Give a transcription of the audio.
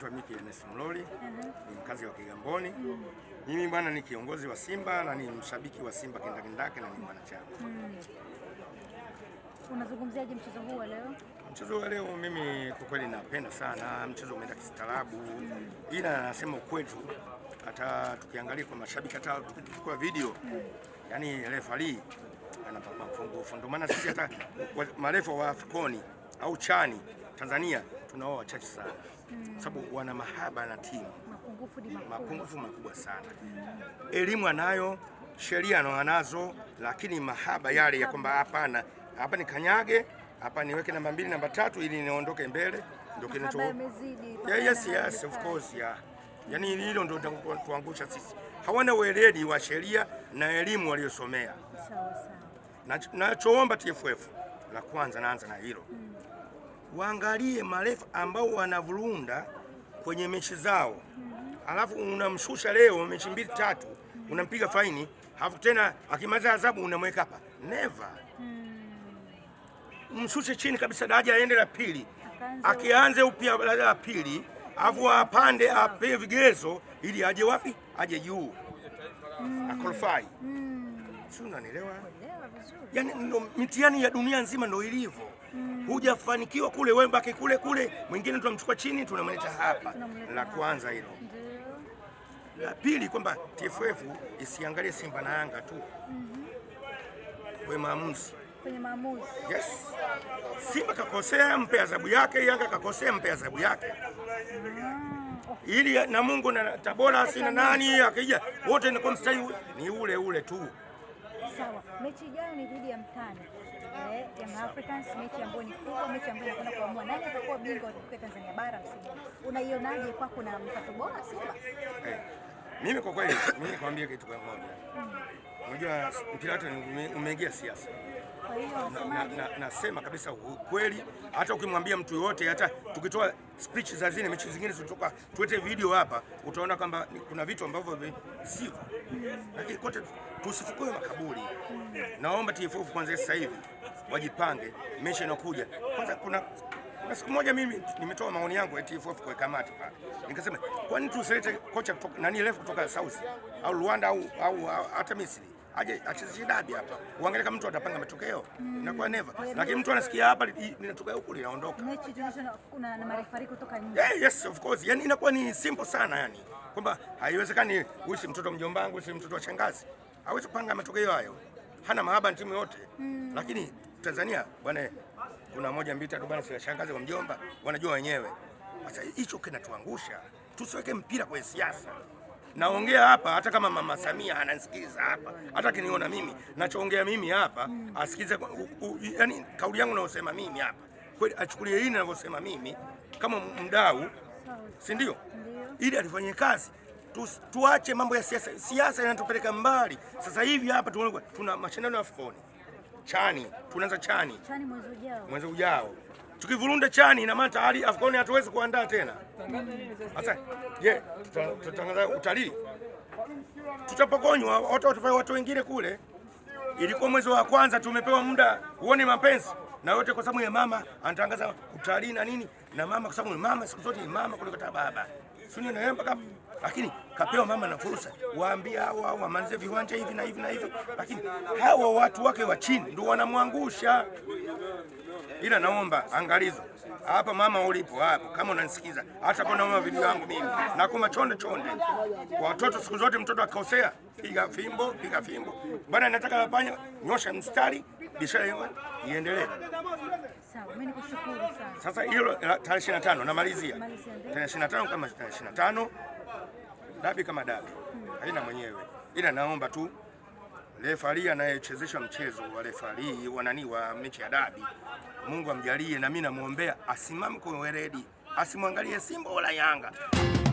Naitwa Miki Ernest Mloli, mhm. ni mkazi wa Kigamboni. Mhm. Mimi bwana ni kiongozi wa Simba na ni mshabiki wa Simba kindakindake na ni mwanachama. Hmm. Unazungumziaje mchezo huu wa leo? Mchezo wa leo mimi kwa kweli napenda sana mchezo, umeenda kistaarabu, hmm. ila nasema kwetu, hata tukiangalia kwa mashabiki, hata tukichukua video, hmm. yani refari anapapa fungufu. Ndio maana sisi hata marefu wa Afkoni au Chani Tanzania tunao wachache sana mm. sababu wana mahaba na timu mapungufu, mapungufu makubwa sana mm. elimu anayo, sheria anazo, lakini mahaba yale ya kwamba hapana, hapa ni kanyage hapa niweke namba mbili namba tatu ili niondoke mbele, ndio kinacho yeah, yes, yes, of course yeah. Yani hilo ndio tuangusha sisi, hawana ueledi wa sheria na elimu waliyosomea. Sawa sawa, nachoomba TFF la kwanza, naanza na hilo mm waangalie marefu ambao wanavurunda kwenye mechi zao, alafu unamshusha leo mechi mbili tatu, unampiga faini, alafu tena akimaliza adhabu unamweka hapa. Never mshushe chini kabisa, daraja aende la pili, akianze upya daraja la pili, alafu apande, apewe vigezo ili aje wapi, aje juu mm. akolfai si unanielewa? Yani ndo mitihani ya dunia nzima ndo ilivyo. Mm. Hujafanikiwa kule wewe mbaki kule kule, mwingine tunamchukua chini tunamleta hapa. La kwanza hilo. La pili kwamba TFF isiangalie Simba na Yanga tu. Mm mm-hmm. Kwa maamuzi. Kwenye maamuzi. Yes. Simba kakosea, mpe adhabu yake. Yanga kakosea, mpe adhabu yake. Mm. Ili na Mungu na Tabora sina nani akija wote ni kwa mstari ni ule ule tu. Sawa, mechi ijayo ni dhidi ya mtani eh, Young Africans, mechi ambayo ni kubwa, mechi ambayo inakwenda kuamua nani atakuwa bingwa wa soka Tanzania bara msimu. Unaionaje kwa kuna mkato bora Simba? Hey, eh, mimi kwa kweli mimi nikwambie kitu kimoja. Mm. Unajua mpira wetu umeingia siasa na, na, nasema kabisa ukweli. Hata ukimwambia mtu yoyote, hata tukitoa speech za zile mechi zingine zilitoka, tuete video hapa, utaona kwamba kuna vitu ambavyo sivyo, lakini kote tusifukue makaburi. Naomba TFF kwanza sasa hivi wajipange, mechi inakuja kwanza. Kuna kuna siku moja mimi nimetoa maoni yangu ya TFF kwa kamati pale, nikasema kwani tusilete kocha kutoka nani refu kutoka South au Rwanda au hata Misri aje achezeshe dabi hapa, uangalie kama mtu atapanga matokeo mm. inakuwa never, lakini mtu anasikia hapa linatoka huko linaondoka. Mechi tunashona kuna na marefari kutoka nje. Eh, yes of course, yani inakuwa ni simple sana yani kwamba haiwezekani, huyu si mtoto mjomba wangu, si mtoto wa shangazi, hawezi kupanga matokeo hayo, hana mahaba timu yote mm. Lakini Tanzania bwana, kuna moja mbili tatu bwana, si shangazi wa mjomba, wanajua wenyewe. Sasa hicho kinatuangusha, tusiweke mpira kwenye siasa naongea hapa, hata kama mama Samia anasikiza hapa, hata akiniona mimi nachoongea mimi hapa asikize, yaani kauli yangu naosema mimi hapa kweli, achukulie hili ninavyosema mimi kama mdau, si ndio? Ili alifanye kazi tu, tuache mambo ya siasa. Siasa inatupeleka mbali. Sasa hivi hapa tuna mashindano ya Afcon chani, tunaanza chani, chani mwezi ujao, mwezi ujao tukivurunda chani ina maana tayari Afkoni hatuwezi kuandaa tena. Sasa je, tutatangaza utalii? Tutapokonywa watu watu wengine kule. Ilikuwa mwezi wa kwanza tumepewa muda uone mapenzi na yote kwa sababu ya mama anatangaza utalii na nini na mama, kwa sababu mama siku zote ni mama kuliko baba, sio Naomba kama lakini kapewa mama na fursa, waambie hao hao wamalize viwanja hivi na hivi na hivi, lakini hawa watu wake wa chini ndio wanamwangusha. Ila naomba angalizo hapa, mama ulipo hapo, kama unanisikiza, hata kwa naomba video yangu mimi na kuma chonde chonde watoto, siku zote mtoto akikosea, piga fimbo, piga fimbo bwana, nataka afanye nyosha mstari biashara hiyo iendelee. Sawa, mimi nikushukuru sana. Sasa hilo eh, tarehe ishirini namalizia tarehe ishirini kama tarehe ishirini dabi kama dabi haina mwenyewe, ila naomba tu refari anayechezesha mchezo wa refari wa nani wa mechi ya dabi, Mungu amjalie, na mimi namuombea asimame kwa weledi, asimwangalie Simba wala Yanga.